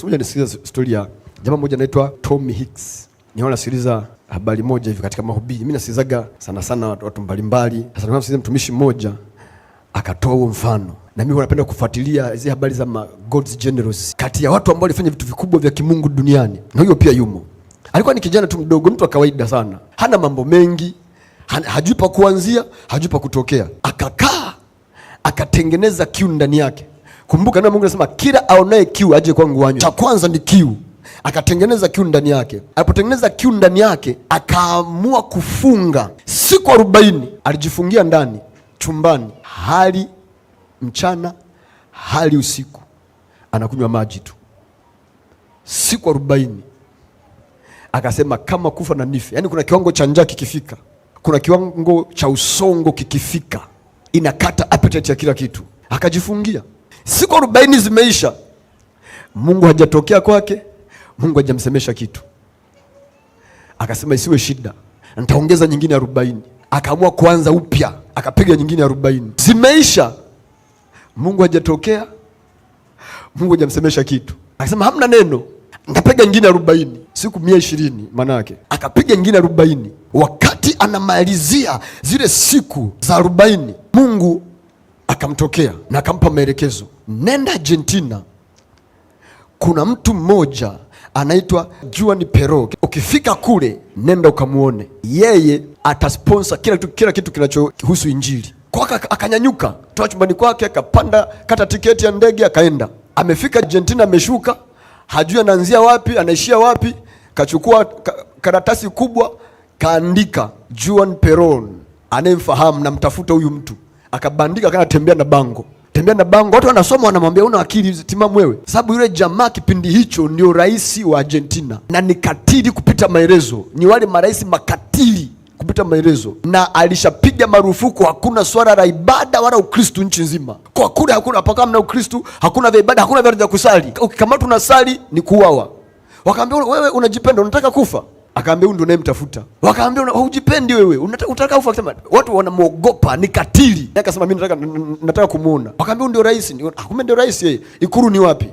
Sikuja nisikiza stori ya jamaa mmoja anaitwa Tommy Hicks. Niona nasikiliza habari moja hivi katika mahubiri. Mimi nasikilizaga sana sana watu mbalimbali. Sasa nasikiliza mtumishi mmoja akatoa huo mfano. Na mimi napenda kufuatilia hizi habari za God's generals. Kati ya watu ambao walifanya vitu vikubwa vya kimungu duniani. Na huyo pia yumo. Alikuwa ni kijana tu mdogo, mtu wa kawaida sana. Hana mambo mengi, hajui pa kuanzia, hajui pa kutokea. Akakaa akatengeneza kiu ndani yake. Kumbuka neno Mungu anasema kila aonaye kiu aje kwangu anywe. Cha kwanza ni kiu, akatengeneza kiu ndani yake. Alipotengeneza kiu ndani yake, akaamua kufunga siku arobaini. Alijifungia ndani chumbani, hali mchana hali usiku, anakunywa maji tu siku arobaini. Akasema kama kufa na nife. Yaani kuna kiwango cha njaa kikifika, kuna kiwango cha usongo kikifika, inakata appetite ya kila kitu, akajifungia Siku arobaini zimeisha, Mungu hajatokea kwake, Mungu hajamsemesha kitu. Akasema isiwe shida, nitaongeza nyingine arobaini. Akaamua kuanza upya, akapiga nyingine arobaini. Zimeisha, Mungu hajatokea, Mungu hajamsemesha kitu. Akasema hamna neno, nitapiga nyingine arobaini, siku mia ishirini manake. Akapiga nyingine arobaini. Wakati anamalizia zile siku za arobaini, Mungu akamtokea na akampa maelekezo, nenda Argentina, kuna mtu mmoja anaitwa Juan Pero. Ukifika kule, nenda ukamuone, yeye atasponsor kila kitu, kila kitu kinachohusu Injili. Kwaka akanyanyuka toa chumbani kwake, akapanda kata tiketi ya ndege, akaenda. Amefika Argentina, ameshuka, hajui anaanzia wapi, anaishia wapi. Kachukua karatasi kubwa, kaandika Juan Peron, anayemfahamu na mtafuta huyu mtu akabandika kana tembea na bango tembea na bango, watu wanasoma, wanamwambia una akili timamu wewe. Sababu yule jamaa kipindi hicho ndio rais wa Argentina, na ni katili kupita maelezo, ni wale marais makatili kupita maelezo, na alishapiga marufuku, hakuna swala la ibada wala Ukristu nchi nzima, kwa kule hakuna paka mna Ukristu, hakuna vya ibada, hakuna vya kusali. Ukikamatwa unasali ni kuuawa. Wakaambia wewe unajipenda, unataka kufa Akaambia huyu ndo naye mtafuta, Wakaambia hujipendi wewe. Unataka utaka ufa akasema watu wanamuogopa ni katili. Akasema mimi nataka nataka kumuona. Wakaambia huyu ndio rais. Ah, kumbe ndio rais yeye. Ikuru ni wapi?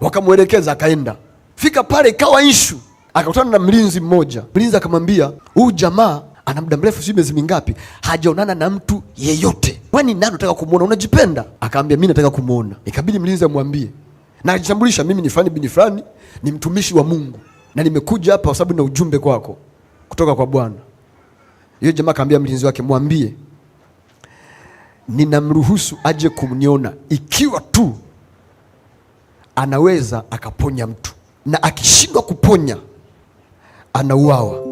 Wakamuelekeza akaenda. Fika pale ikawa ishu, Akakutana na mlinzi mmoja. Mlinzi akamwambia, "Huyu jamaa ana muda mrefu sijui miezi mingapi hajaonana na mtu yeyote. Kwani nani unataka kumuona? Unajipenda?" Akaambia, "Mimi nataka kumuona." Ikabidi mlinzi amwambie. Na ajitambulisha, mimi ni fulani bini fulani, ni mtumishi wa Mungu na nimekuja hapa kwa sababu na ujumbe kwako kutoka kwa Bwana. Yule jamaa akamwambia mlinzi wake, mwambie ninamruhusu aje kumniona ikiwa tu anaweza akaponya mtu, na akishindwa kuponya anauawa.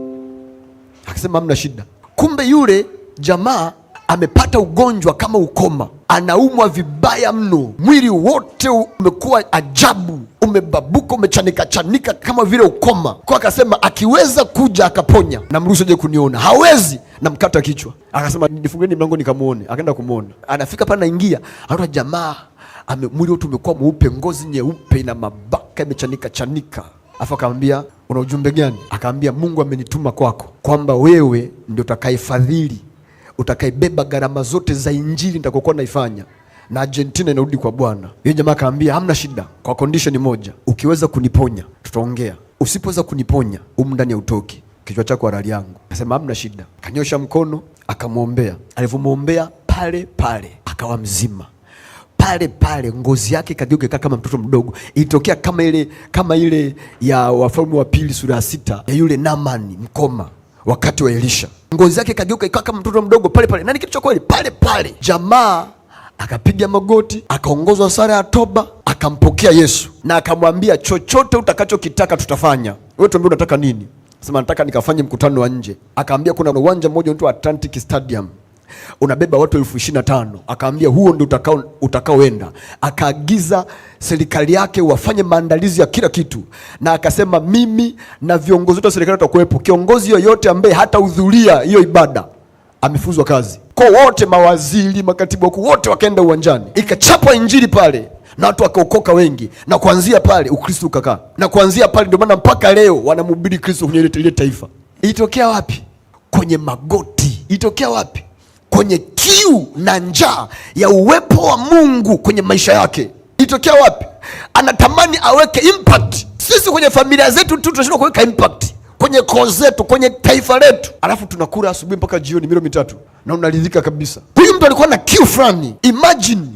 Akasema hamna shida. Kumbe yule jamaa amepata ugonjwa kama ukoma, anaumwa vibaya mno, mwili wote umekuwa ajabu umebabuka, umechanika chanika kama vile ukoma. Kwa akasema akiweza kuja akaponya, namruhusu aje kuniona, hawezi namkata kichwa. Akasema nifungueni mlango nikamuone. Akaenda kumwona, anafika pale, naingia anaona jamaa ame mwili wote umekuwa mweupe, ngozi nyeupe na mabaka imechanika chanika, afu akamwambia una ujumbe gani? Akaambia Mungu amenituma kwako, kwamba wewe ndio utakayefadhili, utakaibeba gharama zote za injili nitakokuwa naifanya na Argentina inarudi kwa Bwana. Yule jamaa akaambia hamna shida, kwa condition moja, ukiweza kuniponya tutaongea, usipoweza kuniponya humu ndani utoki kichwa chako halali yangu. Akasema hamna shida, kanyosha mkono akamwombea. Alivyomwombea pale pale akawa mzima pale pale, ngozi yake ikageuka kama mtoto mdogo. Ilitokea kama ile kama ile ya Wafalme wa Pili sura ya sita ya yule Namani mkoma wakati wa Elisha, ngozi yake ikageuka ikawa kama mtoto mdogo pale pale. Nani kitu cha kweli pale pale, jamaa akapiga magoti, akaongozwa sala ya toba, akampokea Yesu na akamwambia, chochote utakachokitaka tutafanya. Wewe tuambie unataka nini? Sema nataka nikafanye mkutano wa nje. Akaambia kuna uwanja mmoja unaitwa Atlantic Stadium unabeba watu elfu ishirini na tano. Akaambia huo ndio utakao utakaoenda. Akaagiza serikali yake wafanye maandalizi ya kila kitu, na akasema mimi na viongozi wote wa serikali watakuwepo. Kiongozi yoyote ambaye hatahudhuria hiyo ibada amefuzwa kazi kwa wote, mawaziri, makatibu wakuu wote wakaenda uwanjani, ikachapwa injili pale na watu wakaokoka wengi, na kuanzia pale Ukristo ukakaa, na kuanzia pale ndio maana mpaka leo wanamhubiri Kristo kwenye ile taifa. Ilitokea wapi? Kwenye magoti. Ilitokea wapi? Kwenye kiu na njaa ya uwepo wa Mungu kwenye maisha yake. Ilitokea wapi? Anatamani aweke impact. Sisi kwenye familia zetu tu tunashindwa kuweka impact kwenye koo zetu, kwenye taifa letu, alafu tunakula asubuhi mpaka jioni milo mitatu na unaridhika kabisa. Huyu mtu alikuwa na kiu fulani, imagine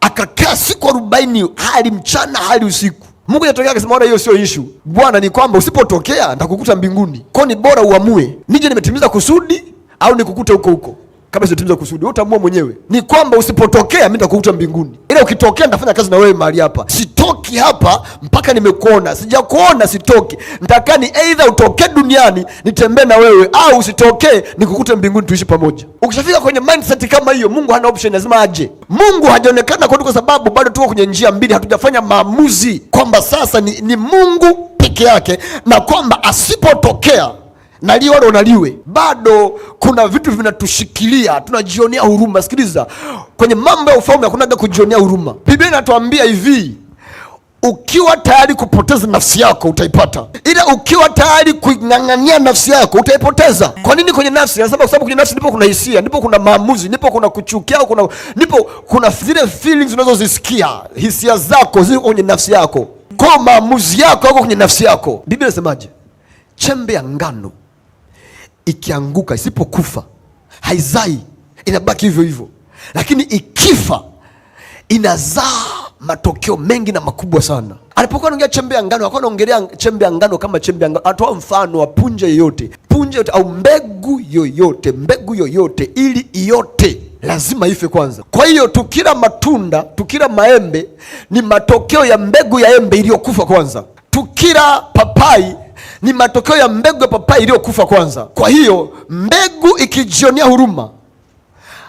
akakaa siku arobaini hali mchana hali usiku. Mungu atokea akasema, ona hiyo sio ishu bwana, ni kwamba usipotokea nitakukuta mbinguni, kwao ni bora uamue nije nimetimiza kusudi au nikukute huko huko kabla sijatimiza kusudi, wewe utaamua mwenyewe. Ni kwamba usipotokea mimi nitakukuta mbinguni, ila ukitokea nitafanya kazi na wewe mahali hapa. Sitoki hapa mpaka nimekuona, sijakuona sitoki. ni either utokee duniani nitembee na wewe, au usitokee nikukute mbinguni tuishi pamoja. Ukishafika kwenye mindset kama hiyo, Mungu hana option, lazima aje. Mungu hajaonekana kwetu kwa sababu bado tuko kwenye njia mbili, hatujafanya maamuzi kwamba sasa ni, ni Mungu peke yake, na kwamba asipotokea na liwe wala liwe, bado kuna vitu vinatushikilia, tunajionea huruma. Sikiliza, kwenye mambo ya ufalme hakunaga kujionea huruma. Biblia inatuambia hivi ukiwa tayari kupoteza nafsi yako utaipata, ila ukiwa tayari kuing'ang'ania nafsi yako utaipoteza. Kwa nini? Kwenye nafsi nasema, kwa sababu kwenye nafsi ndipo kuna hisia, ndipo kuna maamuzi, ndipo kuna kuchukia, kuna ndipo kuna zile feelings unazozisikia. Hisia zako ziko kwenye nafsi yako, kwa maamuzi yako yako kwenye nafsi yako. Biblia inasemaje? Chembe ya ngano ikianguka, isipokufa haizai, inabaki hivyo hivyo, lakini ikifa inazaa matokeo mengi na makubwa sana. Alipokuwa anaongea chembe ya ngano, akuwa anaongelea chembe ya ngano kama chembe ya ngano, atoa mfano wa punje yoyote, punje yoyote au mbegu yoyote. Mbegu yoyote ili iyote lazima ife kwanza. Kwa hiyo tukila matunda, tukila maembe ni matokeo ya mbegu ya embe iliyokufa kwanza. Tukila papai ni matokeo ya mbegu ya papai iliyokufa kwanza. Kwa hiyo mbegu ikijionea huruma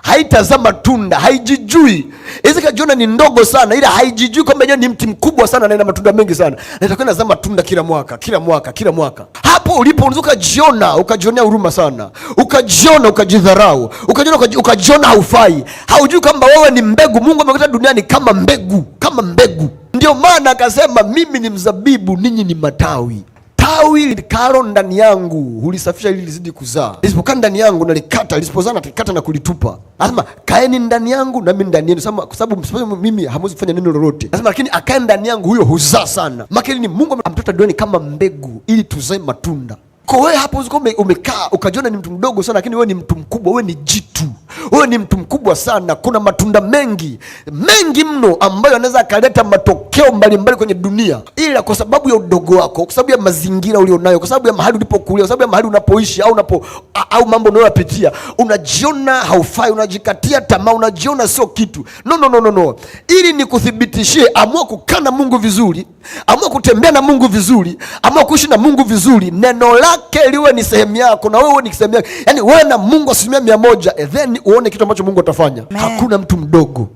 haitazama tunda, haijijui. Inaweza ikajiona ni ndogo sana, ila haijijui kwamba yeye ni mti mkubwa sana na ina matunda mengi sana, na itakuwa inazama tunda kila mwaka kila mwaka kila mwaka. Hapo ulipo unaweza ukajiona ukajionea huruma sana, ukajiona ukajidharau, ukajiona ukajiona haufai, haujui kwamba wewe ni mbegu. Mungu amekuta duniani kama mbegu, kama mbegu. Ndio maana akasema mimi ni mzabibu, ninyi ni matawi tawi likalo ndani yangu hulisafisha ili lizidi kuzaa, lisipokaa ndani yangu nalikata, lisipozaa nalikata na kulitupa. Anasema kaeni ndani yangu nami ndani yenu, kwa sababu msipo mimi hamwezi kufanya neno lolote. Anasema lakini akae ndani yangu huyo huzaa sana. Makini Mungu ametoa duniani kama mbegu ili tuzae matunda. Kwa wewe hapo uko umekaa ukajiona ni mtu mdogo sana, lakini wewe ni mtu mkubwa, wewe ni jitu, wewe ni mtu mkubwa sana. Kuna matunda mengi mengi mno ambayo anaweza akaleta matokeo mbalimbali mbali kwenye dunia, ila kwa sababu ya udogo wako, kwa sababu ya mazingira ulionayo, kwa sababu ya mahali ulipokulia, kwa sababu ya mahali unapoishi au unapo au mambo unayopitia, unajiona haufai, unajikatia tamaa, unajiona sio kitu. No, no, no, no, no. Ili nikuthibitishie, amua kukana Mungu vizuri, amua kutembea na Mungu vizuri, amua kuishi na Mungu vizuri, neno la lake liwe ni sehemu yako na wewe ni sehemu yako, yaani wewe na Mungu asilimia mia moja, eh, then uone kitu ambacho Mungu atafanya. Hakuna mtu mdogo.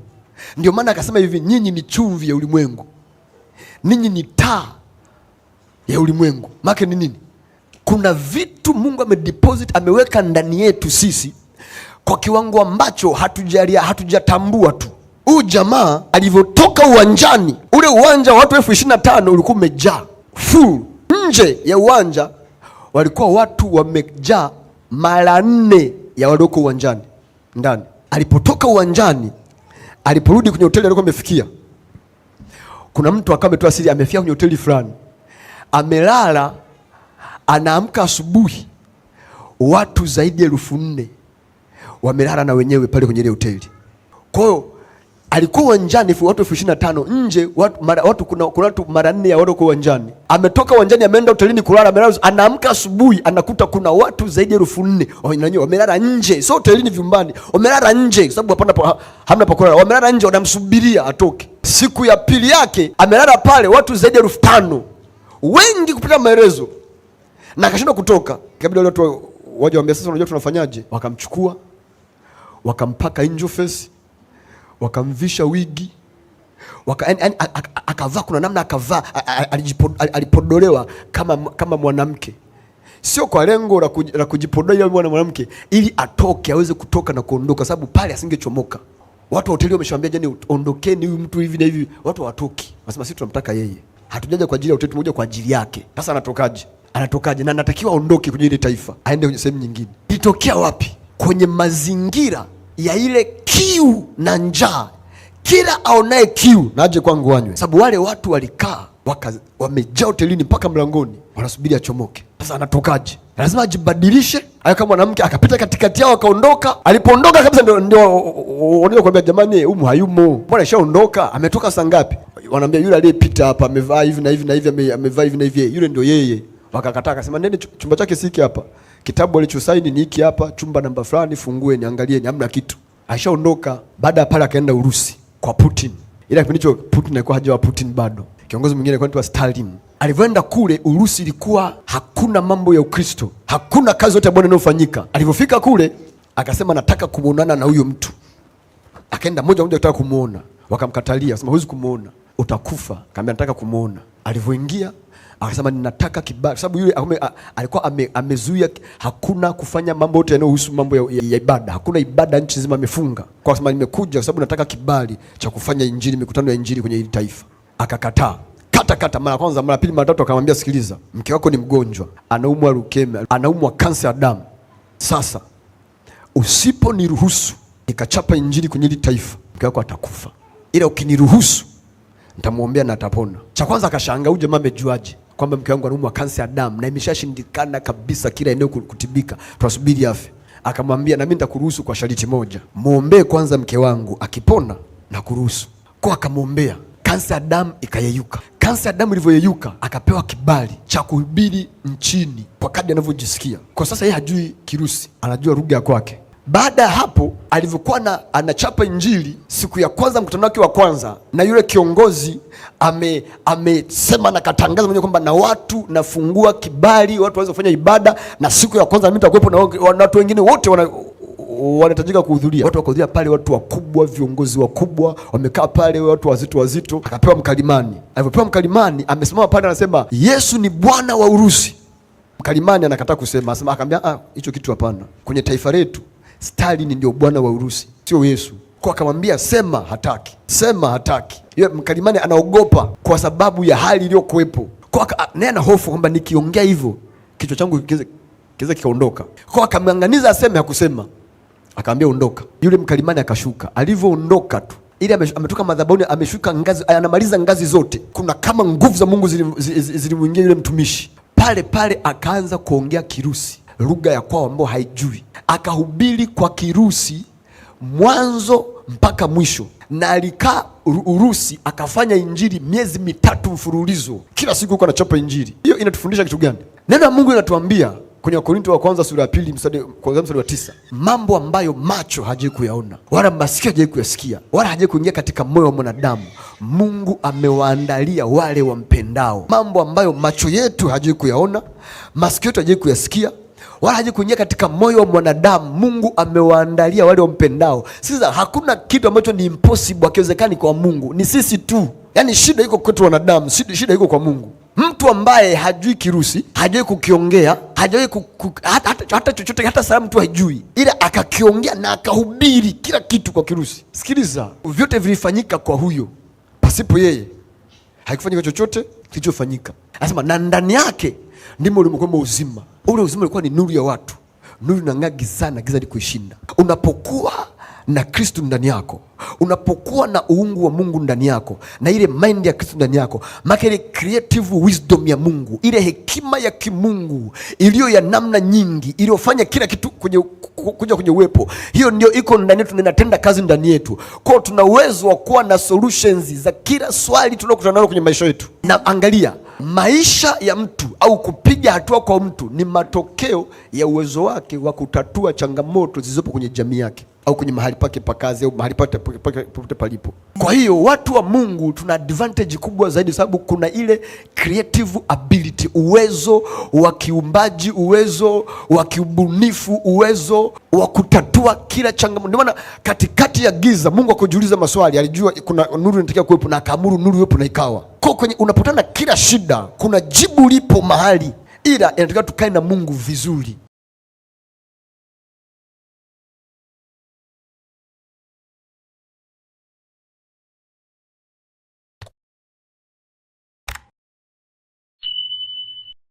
Ndio maana akasema hivi, nyinyi ni chumvi ya ulimwengu, ninyi ni taa ya ulimwengu. Maana ni nini? Kuna vitu Mungu amedeposit ameweka ndani yetu sisi kwa kiwango ambacho hatujalia hatujatambua tu. huu jamaa alivyotoka uwanjani, ule uwanja wa watu elfu ishirini na tano ulikuwa umejaa full. Nje ya uwanja walikuwa watu wamejaa mara nne ya walioko uwanjani ndani. Alipotoka uwanjani, aliporudi kwenye hoteli alikuwa amefikia, kuna mtu akawa ametoa siri, amefikia kwenye hoteli fulani, amelala, anaamka asubuhi, watu zaidi ya elfu nne wamelala na wenyewe pale kwenye ile hoteli. Kwa hiyo alikuwa uwanjani watu elfu ishirini na tano nje watu, mara, watu, kuna, kuna watu mara nne ya watu kwa uwanjani. Ametoka uwanjani ameenda hotelini kulala, amelala, anaamka asubuhi anakuta kuna watu zaidi ya elfu nne wamelala nje, sio hotelini, vyumbani, wamelala nje kwa sababu hapana, hamna pa kulala, wamelala nje, wanamsubiria atoke. Siku ya pili yake amelala pale, watu zaidi ya elfu tano wengi kupita maelezo, na akashindwa kutoka. Kabla watu waje waambia, sasa unajua tunafanyaje? Wakamchukua wakampaka injofesi wakamvisha wigi waka, yani, akavaa, kuna namna akavaa, alipodolewa kama, kama mwanamke sio kwa lengo la kujipodoa yule mwanamke ili atoke aweze kutoka na kuondoka, sababu pale asingechomoka. Watu wa hoteli wameshamwambia, jani, ondokeni huyu mtu hivi na hivi, watu watoki Nasema sisi tunamtaka yeye, hatujaja kwa ajili ya hoteli, moja kwa ajili yake. Sasa anatokaje? Anatokaje? na anatakiwa aondoke kwenye ile taifa, aende kwenye sehemu nyingine. Ilitokea wapi? Kwenye mazingira ya ile kiu na njaa. Kila aonaye kiu na aje kwangu anywe, sababu wale watu walikaa wamejaa hotelini mpaka mlangoni, wanasubiri achomoke. Sasa anatokaje? Lazima ajibadilishe ayo kama mwanamke, akapita katikati yao akaondoka. Alipoondoka kabisa, ndio ndio kuambia jamani, humu hayumo, mbona ishaondoka, ametoka saa ngapi? Wanaambia yule aliyepita hapa amevaa hivi na hivi na hivi, amevaa hivi na hivi, yule ndio yeye. Wakakataa, akasema nende chumba chake siki hapa kitabu alichosaini ni hiki hapa, chumba namba fulani, fungue niangalie, ni amna kitu. Ashaondoka. Baada ya pale akaenda Urusi kwa Putin, ila kipindi hicho Putin alikuwa hajawa Putin bado, kiongozi mwingine alikuwa anaitwa Stalin. Alivyoenda kule Urusi ilikuwa hakuna mambo ya Ukristo, hakuna kazi yote ya Bwana inayofanyika. Alivyofika kule akasema nataka kumuonana na huyo mtu, akaenda moja moja kutaka kumuona, wakamkatalia, sema huwezi kumuona, utakufa. Kaambia nataka kumuona. Alivyoingia akasema ninataka kibali, sababu yule alikuwa ame, amezuia hakuna kufanya mambo yote yanayohusu mambo ya, ya, ya ibada. Hakuna ibada nchi nzima amefunga, kwa sababu nimekuja kwa sababu nataka kibali cha kufanya injili, mikutano ya injili kwenye hili taifa. Akakataa kata kata, mara kwanza, mara pili, mara tatu, akamwambia sikiliza, mke wako ni mgonjwa, anaumwa leukemia, anaumwa kansa ya damu. Sasa usiponiruhusu nikachapa injili kwenye hili taifa, mke wako atakufa, ila ukiniruhusu ntamwombea na atapona. Cha kwanza akashangaa, huyu jamaa amejuaje? kwamba mke wangu anaumwa kansa ya damu na imeshashindikana kabisa kila eneo kutibika, tunasubiri afe. Akamwambia, nami nitakuruhusu kwa sharti moja, mwombee kwanza mke wangu, akipona na kuruhusu kwa. Akamwombea, kansa ya damu ikayeyuka. Kansa ya damu ilivyoyeyuka, akapewa kibali cha kuhubiri nchini kwa kadri anavyojisikia. Kwa sasa yeye hajui Kirusi, anajua lugha ya kwake baada ya hapo alivyokuwa na anachapa injili siku ya kwanza, mkutano wake wa kwanza, na yule kiongozi amesema ame na katangaza mwenyewe kwamba na watu nafungua kibali, watu waweze kufanya ibada, na siku ya kwanza mimi nitakuwepo na watu wengine wote wana wanahitajika kuhudhuria. Watu wakahudhuria pale, watu wakubwa, viongozi wakubwa wamekaa pale, watu wazito wazito. Akapewa mkalimani. Alivyopewa mkalimani, amesimama pale, anasema Yesu ni Bwana wa Urusi. Mkalimani anakataa kusema, asema, akamwambia ah, hicho kitu hapana, kwenye taifa letu Stalin ndio bwana wa Urusi, sio Yesu. Kwa akamwambia sema hataki, sema hataki. Yeye mkalimani anaogopa kwa sababu ya hali iliyokuwepo, kwa naye ana hofu kwamba nikiongea hivyo kichwa changu kiweze kikaondoka. Kwa akamng'ang'aniza aseme, hakusema, akaambia ondoka. Yule mkalimani akashuka, alivyoondoka tu ili ametoka madhabahuni, ameshuka ngazi, anamaliza ngazi zote, kuna kama nguvu za Mungu zilimwingia yule mtumishi pale pale, akaanza kuongea Kirusi, lugha ya kwao ambao haijui akahubiri kwa Kirusi mwanzo mpaka mwisho, na alikaa Urusi akafanya injili miezi mitatu mfululizo, kila siku huko anachapa injili. Hiyo inatufundisha kitu gani? Neno la Mungu linatuambia kwenye Wakorinto wa kwanza sura ya pili mstari wa tisa mambo ambayo macho hajawahi kuyaona wala masikio hajawahi kuyasikia wala hajawahi kuingia katika moyo wa mwanadamu, Mungu amewaandalia wale wampendao. Mambo ambayo macho yetu hajawahi kuyaona, masikio yetu hajawahi kuyasikia wala haji kuingia katika moyo wa mwanadamu. Mungu amewaandalia wale wampendao. Sasa hakuna kitu ambacho ni impossible, akiwezekani kwa Mungu, ni sisi tu. Yaani shida iko kwetu wanadamu, shida iko kwa Mungu. Mtu ambaye hajui Kirusi, hajui kukiongea, hajui kuku, hata, hata, hata chochote, hata salamu tu hajui, ila akakiongea na akahubiri kila kitu kwa Kirusi. Sikiliza, vyote vilifanyika kwa huyo, pasipo yeye haikufanyika chochote kilichofanyika. Anasema na ndani yake ndimo ulimokuwemo uzima Ule uzima ulikuwa ni nuru ya watu, nuru inang'aa gizani, giza likuishinda. Unapokuwa na Kristu ndani yako, unapokuwa na uungu wa Mungu ndani yako na ile mind ya Kristu ndani yako, maka ile creative wisdom ya Mungu, ile hekima ya kimungu iliyo ya namna nyingi, iliyofanya kila kitu kuja kwenye uwepo, hiyo ndio iko ndani yetu na inatenda kazi ndani yetu. Kwao tuna uwezo wa kuwa na solutions za kila swali tunalokutana nalo kwenye maisha yetu, na angalia Maisha ya mtu au kupiga hatua kwa mtu ni matokeo ya uwezo wake wa kutatua changamoto zilizopo kwenye jamii yake au kwenye mahali pake pa kazi au mahali pake popote palipo. Kwa hiyo watu wa Mungu tuna advantage kubwa zaidi, sababu kuna ile creative ability, uwezo wa kiumbaji, uwezo wa kiubunifu, uwezo wa kutatua kila changamoto. Ndio maana katikati ya giza Mungu akujiuliza maswali, alijua kuna nuru inatakiwa kuwepo na akaamuru nuru iwepo na ikawa. Kwa kwenye unapotana kila shida, kuna jibu lipo mahali, ila inatakiwa tukae na Mungu vizuri.